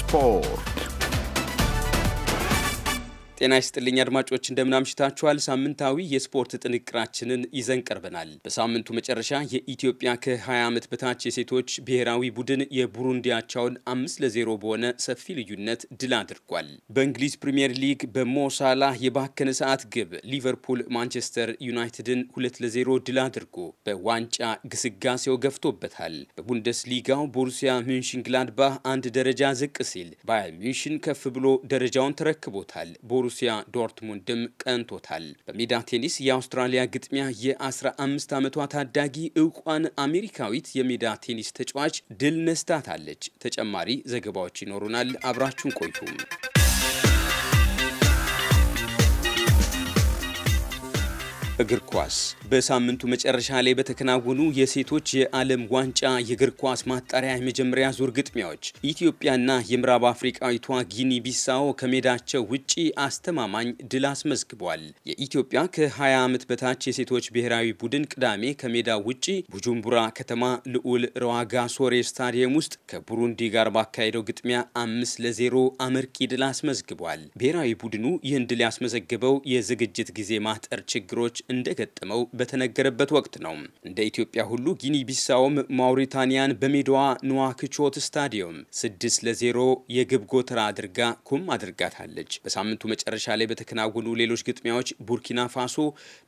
Spor. ጤና ይስጥልኝ አድማጮች፣ እንደምናምሽታችኋል። ሳምንታዊ የስፖርት ጥንቅራችንን ይዘን ቀርበናል። በሳምንቱ መጨረሻ የኢትዮጵያ ከ20 ዓመት በታች የሴቶች ብሔራዊ ቡድን የቡሩንዲያቻውን አምስት ለዜሮ በሆነ ሰፊ ልዩነት ድል አድርጓል። በእንግሊዝ ፕሪምየር ሊግ በሞሳላ የባከነ ሰዓት ግብ ሊቨርፑል ማንቸስተር ዩናይትድን ሁለት ለዜሮ ድል አድርጎ በዋንጫ ግስጋሴው ገፍቶበታል። በቡንደስሊጋው ቦሩሲያ ሚንሽንግላድባህ አንድ ደረጃ ዝቅ ሲል ባየር ሚንሽን ከፍ ብሎ ደረጃውን ተረክቦታል። ቦሩሲያ ዶርትሙንድም ቀንቶታል። በሜዳ ቴኒስ የአውስትራሊያ ግጥሚያ የ15 ዓመቷ ታዳጊ እውቋን አሜሪካዊት የሜዳ ቴኒስ ተጫዋች ድል ነስታታለች። ተጨማሪ ዘገባዎች ይኖሩናል። አብራችሁን ቆዩ። እግር ኳስ በሳምንቱ መጨረሻ ላይ በተከናወኑ የሴቶች የዓለም ዋንጫ የእግር ኳስ ማጣሪያ የመጀመሪያ ዙር ግጥሚያዎች ኢትዮጵያና የምዕራብ አፍሪቃዊቷ ጊኒ ቢሳዎ ከሜዳቸው ውጪ አስተማማኝ ድል አስመዝግቧል። የኢትዮጵያ ከ20 ዓመት በታች የሴቶች ብሔራዊ ቡድን ቅዳሜ ከሜዳ ውጪ ቡጁምቡራ ከተማ ልዑል ረዋጋ ሶሬ ስታዲየም ውስጥ ከቡሩንዲ ጋር ባካሄደው ግጥሚያ አምስት ለዜሮ አመርቂ ድል አስመዝግቧል። ብሔራዊ ቡድኑ ይህን ድል ያስመዘግበው የዝግጅት ጊዜ ማጠር ችግሮች እንደገጠመው በተነገረበት ወቅት ነው። እንደ ኢትዮጵያ ሁሉ ጊኒ ቢሳውም ማውሪታኒያን በሜዳዋ ንዋክቾት ስታዲየም ስድስት ለዜሮ የግብ ጎተራ አድርጋ ኩም አድርጋታለች። በሳምንቱ መጨረሻ ላይ በተከናወኑ ሌሎች ግጥሚያዎች ቡርኪና ፋሶ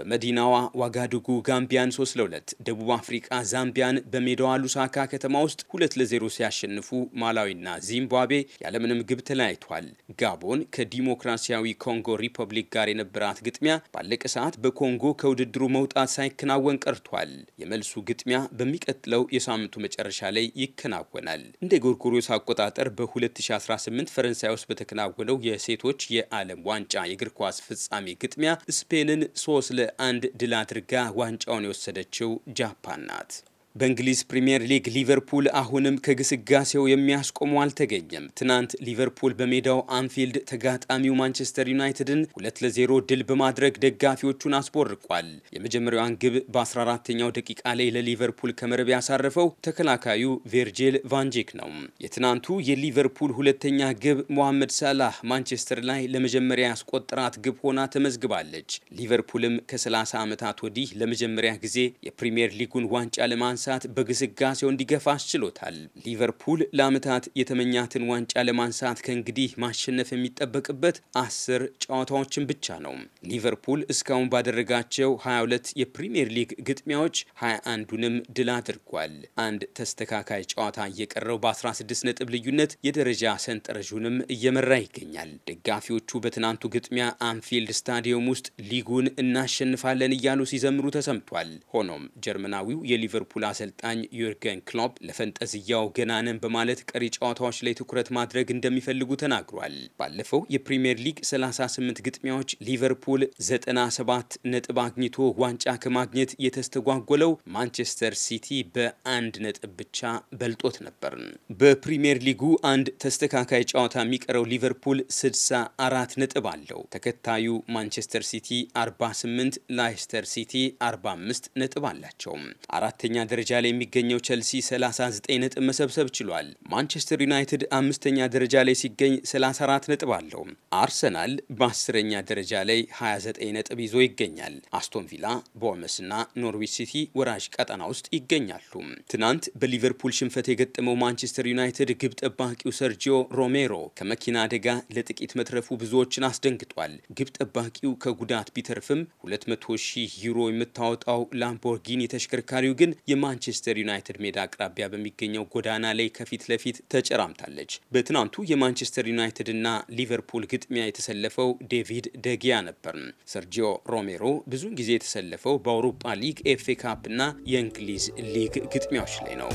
በመዲናዋ ዋጋዱጉ ጋምቢያን ሶስት ለሁለት፣ ደቡብ አፍሪቃ ዛምቢያን በሜዳዋ ሉሳካ ከተማ ውስጥ ሁለት ለዜሮ ሲያሸንፉ ማላዊና ዚምባብዌ ያለምንም ግብ ተለያይቷል። ጋቦን ከዲሞክራሲያዊ ኮንጎ ሪፐብሊክ ጋር የነበራት ግጥሚያ ባለቀ ሰዓት በኮንጎ ተደርጎ ከውድድሩ መውጣት ሳይከናወን ቀርቷል። የመልሱ ግጥሚያ በሚቀጥለው የሳምንቱ መጨረሻ ላይ ይከናወናል። እንደ ጎርጎሮስ አቆጣጠር በ2018 ፈረንሳይ ውስጥ በተከናወነው የሴቶች የዓለም ዋንጫ የእግር ኳስ ፍጻሜ ግጥሚያ ስፔንን ሶስት ለአንድ ድል አድርጋ ዋንጫውን የወሰደችው ጃፓን ናት። በእንግሊዝ ፕሪምየር ሊግ ሊቨርፑል አሁንም ከግስጋሴው የሚያስቆሙ አልተገኘም። ትናንት ሊቨርፑል በሜዳው አንፊልድ ተጋጣሚው ማንቸስተር ዩናይትድን ሁለት ለዜሮ ድል በማድረግ ደጋፊዎቹን አስቦርቋል። የመጀመሪያዋን ግብ በ 14 ተኛው ደቂቃ ላይ ለሊቨርፑል ከመረብ ያሳረፈው ተከላካዩ ቬርጂል ቫንጂክ ነው። የትናንቱ የሊቨርፑል ሁለተኛ ግብ ሞሐመድ ሳላህ ማንቸስተር ላይ ለመጀመሪያ ያስቆጠራት ግብ ሆና ተመዝግባለች። ሊቨርፑልም ከ30 ዓመታት ወዲህ ለመጀመሪያ ጊዜ የፕሪምየር ሊጉን ዋንጫ ለማን ለማንሳት በግስጋሴው እንዲገፋ አስችሎታል። ሊቨርፑል ለዓመታት የተመኛትን ዋንጫ ለማንሳት ከእንግዲህ ማሸነፍ የሚጠበቅበት አስር ጨዋታዎችን ብቻ ነው። ሊቨርፑል እስካሁን ባደረጋቸው 22 የፕሪምየር ሊግ ግጥሚያዎች 21ዱንም ድል አድርጓል። አንድ ተስተካካይ ጨዋታ እየቀረው በ16 ነጥብ ልዩነት የደረጃ ሰንጠረዡንም እየመራ ይገኛል። ደጋፊዎቹ በትናንቱ ግጥሚያ አንፊልድ ስታዲየም ውስጥ ሊጉን እናሸንፋለን እያሉ ሲዘምሩ ተሰምቷል። ሆኖም ጀርመናዊው የሊቨርፑል አሰልጣኝ ዩርገን ክሎፕ ለፈንጠዝያው ገናነን በማለት ቀሪ ጨዋታዎች ላይ ትኩረት ማድረግ እንደሚፈልጉ ተናግሯል። ባለፈው የፕሪምየር ሊግ 38 ግጥሚያዎች ሊቨርፑል 97 ነጥብ አግኝቶ ዋንጫ ከማግኘት የተስተጓጎለው ማንቸስተር ሲቲ በአንድ ነጥብ ብቻ በልጦት ነበር። በፕሪምየር ሊጉ አንድ ተስተካካይ ጨዋታ የሚቀረው ሊቨርፑል 64 ነጥብ አለው። ተከታዩ ማንቸስተር ሲቲ 48፣ ላይስተር ሲቲ 45 ነጥብ አላቸው። አራተኛ ደረጃ ላይ የሚገኘው ቸልሲ 39 ነጥብ መሰብሰብ ችሏል። ማንቸስተር ዩናይትድ አምስተኛ ደረጃ ላይ ሲገኝ 34 ነጥብ አለው። አርሰናል በአስረኛ ደረጃ ላይ 29 ነጥብ ይዞ ይገኛል። አስቶን ቪላ፣ ቦርመስ እና ኖርዊች ሲቲ ወራጅ ቀጠና ውስጥ ይገኛሉ። ትናንት በሊቨርፑል ሽንፈት የገጠመው ማንቸስተር ዩናይትድ ግብ ጠባቂው ሰርጂዮ ሮሜሮ ከመኪና አደጋ ለጥቂት መትረፉ ብዙዎችን አስደንግጧል። ግብ ጠባቂው ከጉዳት ቢተርፍም 200 ሺህ ዩሮ የምታወጣው ላምቦርጊኒ ተሽከርካሪው ግን የማ በማንቸስተር ዩናይትድ ሜዳ አቅራቢያ በሚገኘው ጎዳና ላይ ከፊት ለፊት ተጨራምታለች። በትናንቱ የማንቸስተር ዩናይትድ እና ሊቨርፑል ግጥሚያ የተሰለፈው ዴቪድ ደጊያ ነበር። ሰርጂዮ ሮሜሮ ብዙውን ጊዜ የተሰለፈው በአውሮፓ ሊግ፣ ኤፍ ኤ ካፕ እና የእንግሊዝ ሊግ ግጥሚያዎች ላይ ነው።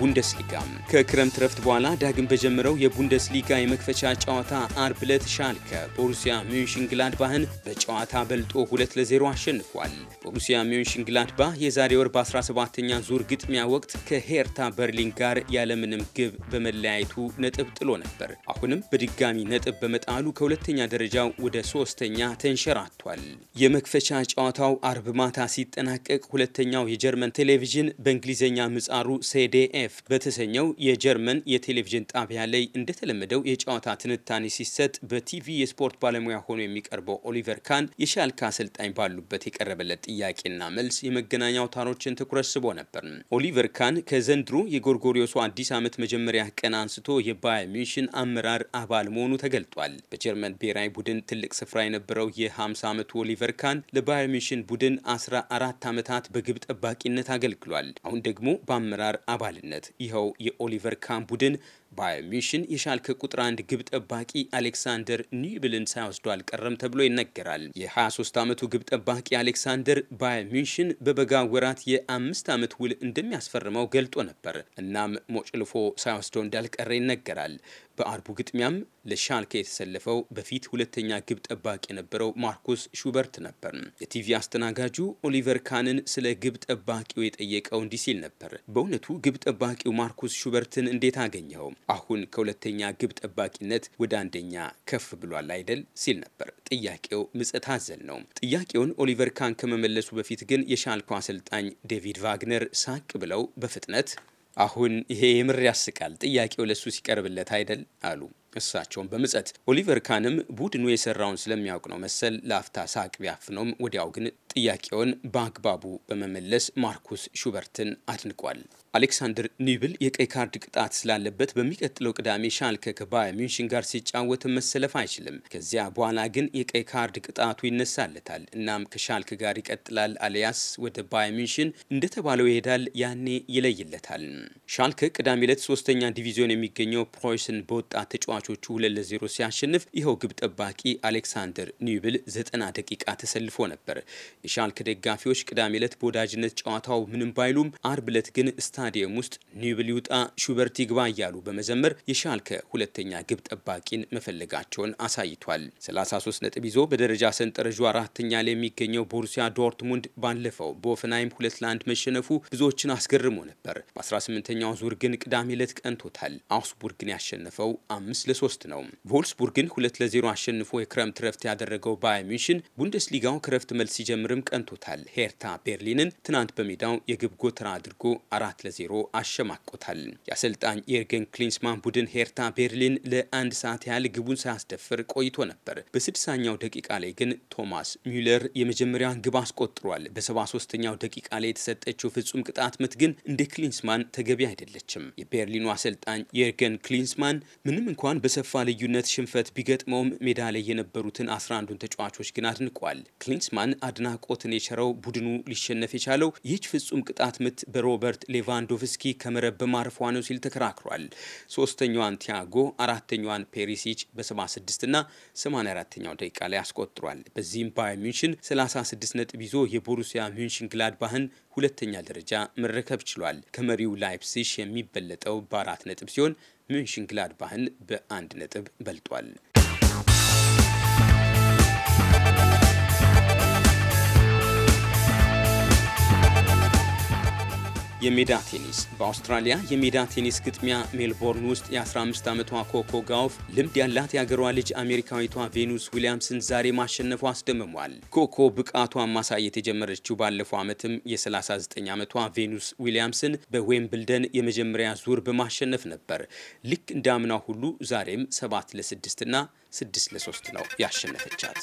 ቡንደስሊጋ ከክረምት ረፍት በኋላ ዳግም በጀመረው የቡንደስሊጋ የመክፈቻ ጨዋታ አርብ ዕለት ሻልከ ቦሩሲያ ሚንሽንግላድ ባህን በጨዋታ በልጦ 2 ለ0 አሸንፏል። ቦሩሲያ ሚንሽንግላድ የዛሬ ወር በ17ኛ ዙር ግጥሚያ ወቅት ከሄርታ በርሊን ጋር ያለምንም ግብ በመለያየቱ ነጥብ ጥሎ ነበር። አሁንም በድጋሚ ነጥብ በመጣሉ ከሁለተኛ ደረጃው ወደ ሶስተኛ ተንሸራቷል። የመክፈቻ ጨዋታው አርብ ማታ ሲጠናቀቅ ሁለተኛው የጀርመን ቴሌቪዥን በእንግሊዝኛ ምጻሩ ሴዴኤፍ ኤፍ በተሰኘው የጀርመን የቴሌቪዥን ጣቢያ ላይ እንደተለመደው የጨዋታ ትንታኔ ሲሰጥ በቲቪ የስፖርት ባለሙያ ሆኖ የሚቀርበው ኦሊቨር ካን የሻልካ አሰልጣኝ ባሉበት የቀረበለት ጥያቄና መልስ የመገናኛ አውታሮችን ትኩረት ስቦ ነበር። ኦሊቨር ካን ከዘንድሮ የጎርጎሪዮሱ አዲስ ዓመት መጀመሪያ ቀን አንስቶ የባየር ሚሽን አመራር አባል መሆኑ ተገልጧል። በጀርመን ብሔራዊ ቡድን ትልቅ ስፍራ የነበረው የ50 ዓመቱ ኦሊቨር ካን ለባየር ሚሽን ቡድን 14 ዓመታት በግብ ጠባቂነት አገልግሏል። አሁን ደግሞ በአመራር አባልነት ይኸው የኦሊቨር ካም ቡድን ሚሽን የሻልከ ቁጥር አንድ ግብ ጠባቂ አሌክሳንደር ኒብልን ሳይወስዱ አልቀረም ተብሎ ይነገራል። የ23 ዓመቱ ግብ ጠባቂ አሌክሳንደር ሚሽን በበጋ ወራት የአምስት ዓመት ውል እንደሚያስፈርመው ገልጦ ነበር። እናም ሞጭልፎ ሳይወስደው እንዳልቀረ ይነገራል። በአርቡ ግጥሚያም ለሻልከ የተሰለፈው በፊት ሁለተኛ ግብ ጠባቂ የነበረው ማርኮስ ሹበርት ነበር። የቲቪ አስተናጋጁ ኦሊቨር ካንን ስለ ግብ ጠባቂው የጠየቀው እንዲህ ሲል ነበር። በእውነቱ ግብ ጠባቂው ማርኮስ ሹበርትን እንዴት አገኘኸው? አሁን ከሁለተኛ ግብ ጠባቂነት ወደ አንደኛ ከፍ ብሏል አይደል ሲል ነበር። ጥያቄው ምጸት አዘል ነው። ጥያቄውን ኦሊቨር ካን ከመመለሱ በፊት ግን የሻልኮ አሰልጣኝ ዴቪድ ቫግነር ሳቅ ብለው በፍጥነት አሁን ይሄ የምር ያስቃል፣ ጥያቄው ለሱ ሲቀርብለት አይደል አሉ። እሳቸውን በምጸት ኦሊቨር ካንም ቡድኑ የሰራውን ስለሚያውቅ ነው መሰል ለአፍታ ሳቅ ቢያፍነውም ወዲያው ግን ጥያቄውን በአግባቡ በመመለስ ማርኩስ ሹበርትን አድንቋል። አሌክሳንደር ኒብል የቀይ ካርድ ቅጣት ስላለበት በሚቀጥለው ቅዳሜ ሻልከ ከባየር ሚንሽን ጋር ሲጫወት መሰለፍ አይችልም። ከዚያ በኋላ ግን የቀይ ካርድ ቅጣቱ ይነሳለታል። እናም ከሻልክ ጋር ይቀጥላል፣ አሊያስ ወደ ባየር ሚንሽን እንደተባለው ይሄዳል። ያኔ ይለይለታል። ሻልከ ቅዳሜ ዕለት ሶስተኛ ዲቪዚዮን የሚገኘው ፕሮይስን በወጣት ተጫዋቾቹ ሁለት ለዜሮ ሲያሸንፍ ይኸው ግብ ጠባቂ አሌክሳንደር ኒብል ዘጠና ደቂቃ ተሰልፎ ነበር። የሻልክ ደጋፊዎች ቅዳሜ ዕለት በወዳጅነት ጨዋታው ምንም ባይሉም አርብ ዕለት ግን ስታዲየም ውስጥ ኒብል ይውጣ ሹበርት ይግባ እያሉ በመዘመር የሻልከ ሁለተኛ ግብ ጠባቂን መፈለጋቸውን አሳይቷል። 33 ነጥብ ይዞ በደረጃ ሰንጠረዡ አራተኛ ላይ የሚገኘው ቦሩሲያ ዶርትሙንድ ባለፈው በኦፈንሃይም ሁለት ለአንድ መሸነፉ ብዙዎችን አስገርሞ ነበር። በ18ኛው ዙር ግን ቅዳሜ ዕለት ቀንቶታል። አውስቡርግን ያሸነፈው አምስት ለሶስት ነው። ቮልስቡርግን ሁለት ለዜሮ አሸንፎ የክረምት ረፍት ያደረገው ባየር ሚንሽን ቡንደስሊጋው ክረፍት መልስ ሲጀምርም ግብም ቀንቶታል። ሄርታ ቤርሊንን ትናንት በሜዳው የግብ ጎተራ አድርጎ አራት ለዜሮ አሸማቆታል። የአሰልጣኝ የርገን ክሊንስማን ቡድን ሄርታ ቤርሊን ለአንድ ሰዓት ያህል ግቡን ሳያስደፍር ቆይቶ ነበር። በስድሳኛው ደቂቃ ላይ ግን ቶማስ ሚለር የመጀመሪያ ግብ አስቆጥሯል። በሰባ ሶስተኛው ደቂቃ ላይ የተሰጠችው ፍጹም ቅጣት ምት ግን እንደ ክሊንስማን ተገቢ አይደለችም። የቤርሊኑ አሰልጣኝ የርገን ክሊንስማን ምንም እንኳን በሰፋ ልዩነት ሽንፈት ቢገጥመውም ሜዳ ላይ የነበሩትን አስራ አንዱን ተጫዋቾች ግን አድንቋል። ክሊንስማን አድና አድናቆትን የቸረው ቡድኑ ሊሸነፍ የቻለው ይህች ፍጹም ቅጣት ምት በሮበርት ሌቫንዶቭስኪ ከመረብ በማረፏ ነው ሲል ተከራክሯል። ሶስተኛዋን ቲያጎ፣ አራተኛዋን ፔሪሲች በ76 እና 84ኛው ደቂቃ ላይ አስቆጥሯል። በዚህም ባየር ሚንሽን 36 ነጥብ ይዞ የቦሩሲያ ሚንሽን ግላድባህን ሁለተኛ ደረጃ መረከብ ችሏል። ከመሪው ላይፕሲሽ የሚበለጠው በአራት ነጥብ ሲሆን ሚንሽን ግላድባህን በአንድ ነጥብ በልጧል። የሜዳ ቴኒስ በአውስትራሊያ የሜዳ ቴኒስ ግጥሚያ ሜልቦርን ውስጥ የ15 ዓመቷ ኮኮ ጋውፍ ልምድ ያላት የአገሯ ልጅ አሜሪካዊቷ ቬኑስ ዊሊያምስን ዛሬ ማሸነፏ አስደምሟል። ኮኮ ብቃቷን ማሳየት የጀመረችው ባለፈው ዓመትም የ39 ዓመቷ ቬኑስ ዊሊያምስን በዌምብልደን የመጀመሪያ ዙር በማሸነፍ ነበር። ልክ እንደ ሁሉ ዛሬም 7 ለ6 እና 6 ለ3 ነው ያሸነፈቻት።